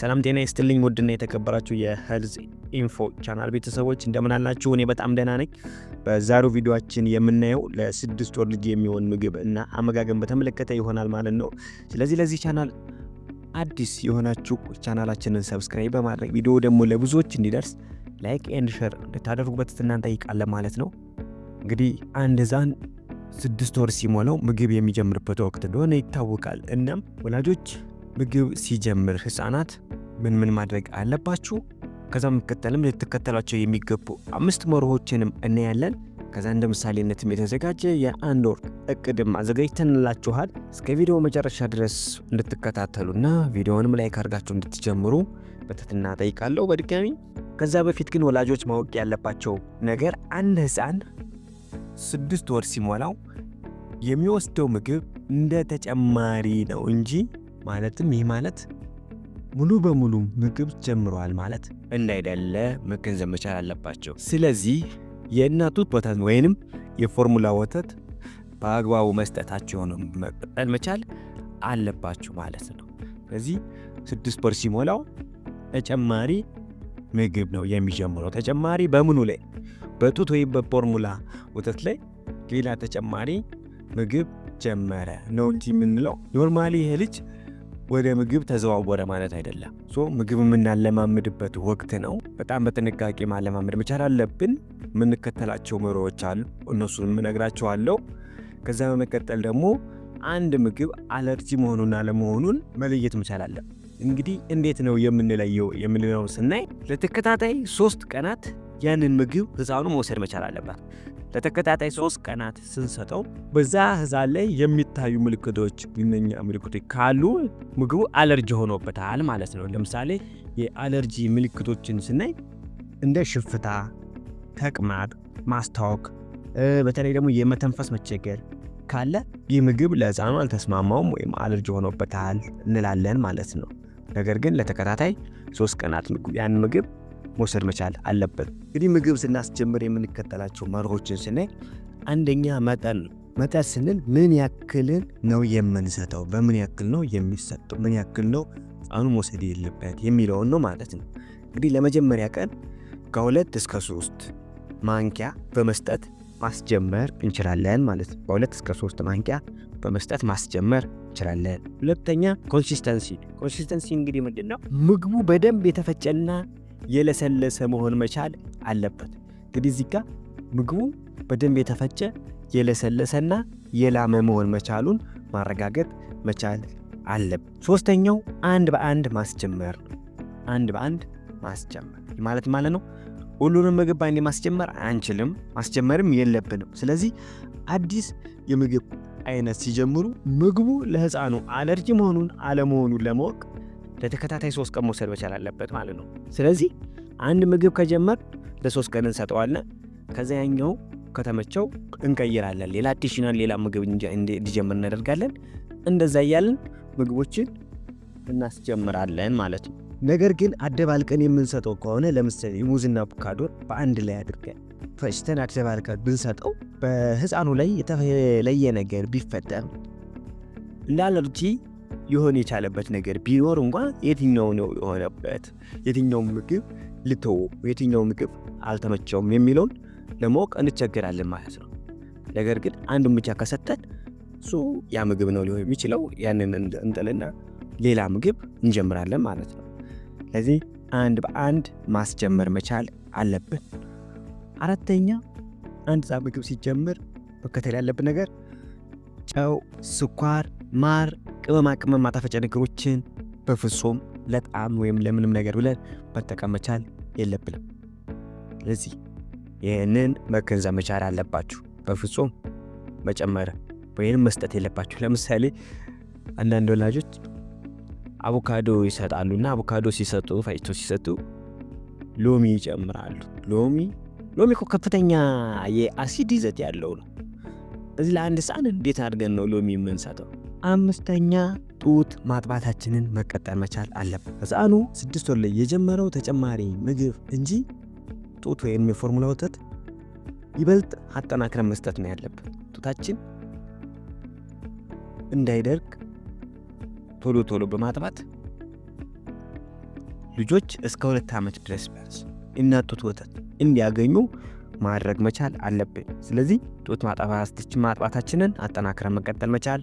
ሰላም ጤና ይስጥልኝ ውድና የተከበራችሁ የሄልዝ ኢንፎ ቻናል ቤተሰቦች እንደምን አላችሁ? እኔ በጣም ደህና ነኝ። በዛሬው ቪዲዮችን የምናየው ለስድስት ወር ልጅ የሚሆን ምግብ እና አመጋገብ በተመለከተ ይሆናል ማለት ነው። ስለዚህ ለዚህ ቻናል አዲስ የሆናችሁ ቻናላችንን ሰብስክራይብ በማድረግ ቪዲዮ ደግሞ ለብዙዎች እንዲደርስ ላይክ ኤንድ ሸር እንድታደርጉበት ትናንት ጠይቃለን ማለት ነው። እንግዲህ አንድ ህፃን ስድስት ወር ሲሞላው ምግብ የሚጀምርበት ወቅት እንደሆነ ይታወቃል። እናም ወላጆች ምግብ ሲጀምር ህፃናት ምን ምን ማድረግ አለባችሁ። ከዛ መቀጠልም ልትከተሏቸው የሚገቡ አምስት መርሆችንም እናያለን። ከዛ እንደ ምሳሌነትም የተዘጋጀ የአንድ ወር እቅድም አዘጋጅተንላችኋል። እስከ ቪዲዮ መጨረሻ ድረስ እንድትከታተሉና ቪዲዮንም ላይክ አድርጋችሁ እንድትጀምሩ በትህትና ጠይቃለሁ በድጋሚ። ከዛ በፊት ግን ወላጆች ማወቅ ያለባቸው ነገር አንድ ህፃን ስድስት ወር ሲሞላው የሚወስደው ምግብ እንደ ተጨማሪ ነው እንጂ ማለትም ይህ ማለት ሙሉ በሙሉ ምግብ ጀምረዋል ማለት እንዳይደለ መገንዘብ መቻል አለባቸው። ስለዚህ የእናቱት ወተት ወይንም የፎርሙላ ወተት በአግባቡ መስጠታቸውን መቀጠል መቻል አለባችሁ ማለት ነው። ስለዚህ ስድስት ወር ሲሞላው ተጨማሪ ምግብ ነው የሚጀምረው። ተጨማሪ በምኑ ላይ? በጡት ወይም በፎርሙላ ወተት ላይ ሌላ ተጨማሪ ምግብ ጀመረ ነው እንጂ የምንለው ኖርማሊ ይሄ ልጅ ወደ ምግብ ተዘዋወረ ማለት አይደለም። ሶ ምግብ የምናለማምድበት ወቅት ነው። በጣም በጥንቃቄ ማለማመድ መቻል አለብን። የምንከተላቸው መሪዎች አሉ፣ እነሱን የምነግራቸዋለሁ። ከዛ በመቀጠል ደግሞ አንድ ምግብ አለርጂ መሆኑን አለመሆኑን መለየት መቻል አለብን። እንግዲህ እንዴት ነው የምንለየው የምንለው ስናይ ለተከታታይ ሶስት ቀናት ያንን ምግብ ህፃኑ መውሰድ መቻል አለባት። ለተከታታይ ሶስት ቀናት ስንሰጠው በዛ ህፃን ላይ የሚታዩ ምልክቶች እነኛ ምልክቶች ካሉ ምግቡ አለርጂ ሆኖበታል ማለት ነው። ለምሳሌ የአለርጂ ምልክቶችን ስናይ እንደ ሽፍታ፣ ተቅማጥ፣ ማስታወክ በተለይ ደግሞ የመተንፈስ መቸገር ካለ ይህ ምግብ ለህፃኑ አልተስማማውም ወይም አለርጂ ሆኖበታል እንላለን ማለት ነው። ነገር ግን ለተከታታይ ሶስት ቀናት ያን ምግብ መውሰድ መቻል አለበት። እንግዲህ ምግብ ስናስጀምር የምንከተላቸው መርሆችን ስናይ አንደኛ መጠን ነው። መጠን ስንል ምን ያክልን ነው የምንሰጠው፣ በምን ያክል ነው የሚሰጠው፣ ምን ያክል ነው ጻኑ መውሰድ የለበት የሚለውን ነው ማለት ነው። እንግዲህ ለመጀመሪያ ቀን ከሁለት እስከ ሶስት ማንኪያ በመስጠት ማስጀመር እንችላለን ማለት ነው። ከሁለት እስከ ሶስት ማንኪያ በመስጠት ማስጀመር እንችላለን። ሁለተኛ ኮንሲስተንሲ። ኮንሲስተንሲ እንግዲህ ምንድን ነው? ምግቡ በደንብ የተፈጨና የለሰለሰ መሆን መቻል አለበት። እንግዲህ እዚህ ጋር ምግቡ በደንብ የተፈጨ የለሰለሰና የላመ መሆን መቻሉን ማረጋገጥ መቻል አለብን። ሶስተኛው አንድ በአንድ ማስጀመር አንድ በአንድ ማስጀመር ማለት ማለት ነው። ሁሉንም ምግብ በአንድ ማስጀመር አንችልም፣ ማስጀመርም የለብንም። ስለዚህ አዲስ የምግብ አይነት ሲጀምሩ ምግቡ ለህፃኑ አለርጂ መሆኑን አለመሆኑን ለማወቅ ለተከታታይ ሶስት ቀን መውሰድ መቻል አለበት ማለት ነው። ስለዚህ አንድ ምግብ ከጀመር ለሶስት ቀን እንሰጠዋለን። ከዛ ያኛው ከተመቸው እንቀይራለን። ሌላ አዲሽናል ሌላ ምግብ እንዲጀምር እናደርጋለን። እንደዛ እያለን ምግቦችን እናስጀምራለን ማለት ነው። ነገር ግን አደባልቀን የምንሰጠው ከሆነ ለምሳሌ ሙዝና አቮካዶን በአንድ ላይ አድርገን ፈጭተን አደባልቀን ብንሰጠው በህፃኑ ላይ የተለየ ነገር ቢፈጠር እንዳለርጂ የሆነ የቻለበት ነገር ቢኖር እንኳን የትኛው ነው የሆነበት፣ የትኛው ምግብ ልተው፣ የትኛው ምግብ አልተመቸውም የሚለውን ለማወቅ እንቸገራለን ማለት ነው። ነገር ግን አንዱን ብቻ ከሰጠን እሱ ያ ምግብ ነው ሊሆን የሚችለው ያንን እንጥልና ሌላ ምግብ እንጀምራለን ማለት ነው። ስለዚህ አንድ በአንድ ማስጀመር መቻል አለብን። አራተኛ አንድ ዛ ምግብ ሲጀምር መከተል ያለብን ነገር ጨው፣ ስኳር፣ ማር ቅመማ ቅመም ማጣፈጫ ነገሮችን በፍጹም ለጣም ወይም ለምንም ነገር ብለን መጠቀም መቻል የለብንም። ስለዚህ ይህንን መገንዘብ መቻል አለባችሁ። በፍጹም መጨመር ወይም መስጠት የለባችሁ። ለምሳሌ አንዳንድ ወላጆች አቮካዶ እና አቮካዶ ሲሰጡ ፈጭቶ ሲሰጡ ሎሚ ይጨምራሉ። ሎሚ ሎሚ እኮ ከፍተኛ የአሲድ ይዘት ያለው ነው። እዚህ ለአንድ ሰዓን እንዴት አድርገን ነው ሎሚ የምንሰጠው? አምስተኛ ጡት ማጥባታችንን መቀጠል መቻል አለብን። ሕፃኑ ስድስት ወር ላይ የጀመረው ተጨማሪ ምግብ እንጂ ጡት ወይም የፎርሙላ ወተት ይበልጥ አጠናክረን መስጠት ነው ያለብን። ጡታችን እንዳይደርቅ ቶሎ ቶሎ በማጥባት ልጆች እስከ ሁለት ዓመት ድረስ ቢያንስ እናት ጡት ወተት እንዲያገኙ ማድረግ መቻል አለብን። ስለዚህ ጡት ማጥባታችንን አጠናክረን መቀጠል መቻል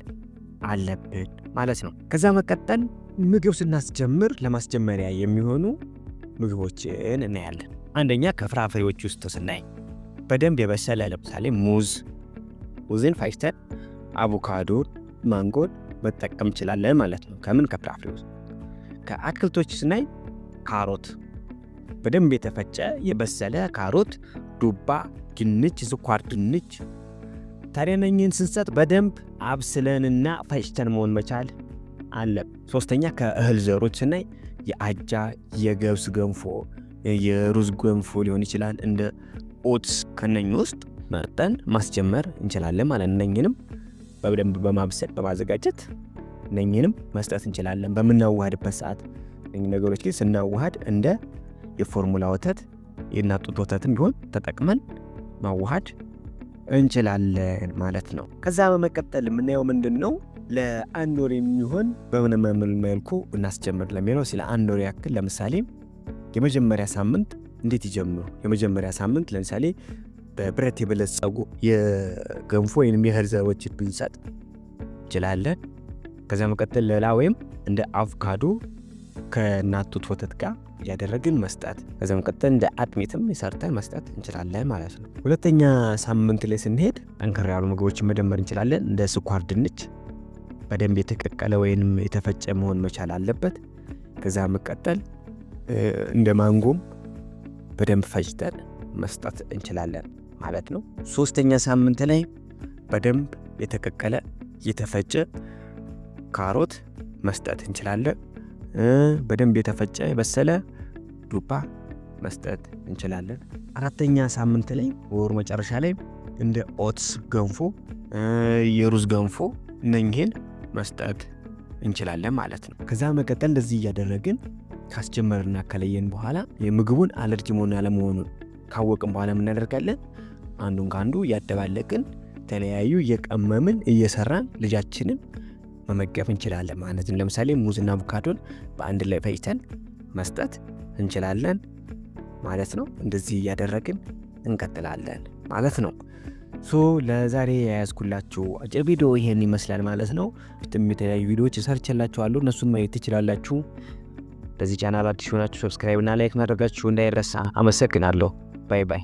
አለብን ማለት ነው። ከዛ መቀጠል ምግብ ስናስጀምር ለማስጀመሪያ የሚሆኑ ምግቦችን እናያለን። አንደኛ ከፍራፍሬዎች ውስጥ ስናይ በደንብ የበሰለ ለምሳሌ ሙዝ፣ ሙዝን ፋይስተን አቮካዶ፣ ማንጎን መጠቀም እንችላለን ማለት ነው። ከምን ከፍራፍሬ ውስጥ ከአትክልቶች ስናይ ካሮት፣ በደንብ የተፈጨ የበሰለ ካሮት፣ ዱባ፣ ድንች፣ ስኳር ድንች ታዲያ ስንሰጥ በደንብ አብስለንና ፈጭተን መሆን መቻል አለብን። ሶስተኛ ከእህል ዘሮች ስናይ የአጃ የገብስ ገንፎ፣ የሩዝ ገንፎ ሊሆን ይችላል። እንደ ኦትስ ከነኝ ውስጥ መርጠን ማስጀመር እንችላለን ማለት እነኝንም በደንብ በማብሰል በማዘጋጀት እነኝንም መስጠት እንችላለን በምናዋሃድበት ሰዓት። እነኝህ ነገሮች ግን ስናዋሃድ እንደ የፎርሙላ ወተት የእናት ጡት ወተትም ቢሆን ተጠቅመን ማዋሃድ እንችላለን ማለት ነው። ከዛ በመቀጠል የምናየው ምንድን ነው? ለአንድ ወር የሚሆን በምን ምን መልኩ እናስጀምር ለሚለው ስለ አንድ ወር ያክል ለምሳሌ የመጀመሪያ ሳምንት እንዴት ይጀምሩ? የመጀመሪያ ሳምንት ለምሳሌ በብረት የበለጸጉ የገንፎ ወይም የእህል ዘሮችን ብንሰጥ እንችላለን። ከዚያ መቀጠል ሌላ ወይም እንደ አቮካዶ ከእናት ጡት ወተት ጋር እያደረግን መስጠት ከዚ መቀጠል እንደ አጥሚትም ሰርተን መስጠት እንችላለን ማለት ነው። ሁለተኛ ሳምንት ላይ ስንሄድ ጠንከር ያሉ ምግቦችን መደመር እንችላለን። እንደ ስኳር ድንች በደንብ የተቀቀለ ወይንም የተፈጨ መሆን መቻል አለበት። ከዛ መቀጠል እንደ ማንጎም በደንብ ፈጭተን መስጠት እንችላለን ማለት ነው። ሶስተኛ ሳምንት ላይ በደንብ የተቀቀለ የተፈጨ ካሮት መስጠት እንችላለን። በደንብ የተፈጨ የበሰለ ዱባ መስጠት እንችላለን። አራተኛ ሳምንት ላይ ወር መጨረሻ ላይ እንደ ኦትስ ገንፎ፣ የሩዝ ገንፎ እነኝህን መስጠት እንችላለን ማለት ነው። ከዛ መቀጠል እንደዚህ እያደረግን ካስጀመርና ከለየን በኋላ የምግቡን አለርጂ መሆን አለመሆኑን ካወቅን በኋላ የምናደርጋለን አንዱን ከአንዱ እያደባለቅን የተለያዩ እየቀመምን እየሰራን ልጃችንን መመገብ እንችላለን ማለት ነው። ለምሳሌ ሙዝና አቮካዶን በአንድ ላይ ፈጭተን መስጠት እንችላለን ማለት ነው። እንደዚህ እያደረግን እንቀጥላለን ማለት ነው። ሶ ለዛሬ የያዝኩላችሁ አጭር ቪዲዮ ይሄን ይመስላል ማለት ነው። ፊትም የተለያዩ ቪዲዮዎች ሰርችላችኋለሁ እነሱን ማየት ትችላላችሁ። ለዚህ ቻናል አዲስ ሆናችሁ ሰብስክራይብ እና ላይክ ማድረጋችሁ እንዳይረሳ። አመሰግናለሁ። ባይ ባይ።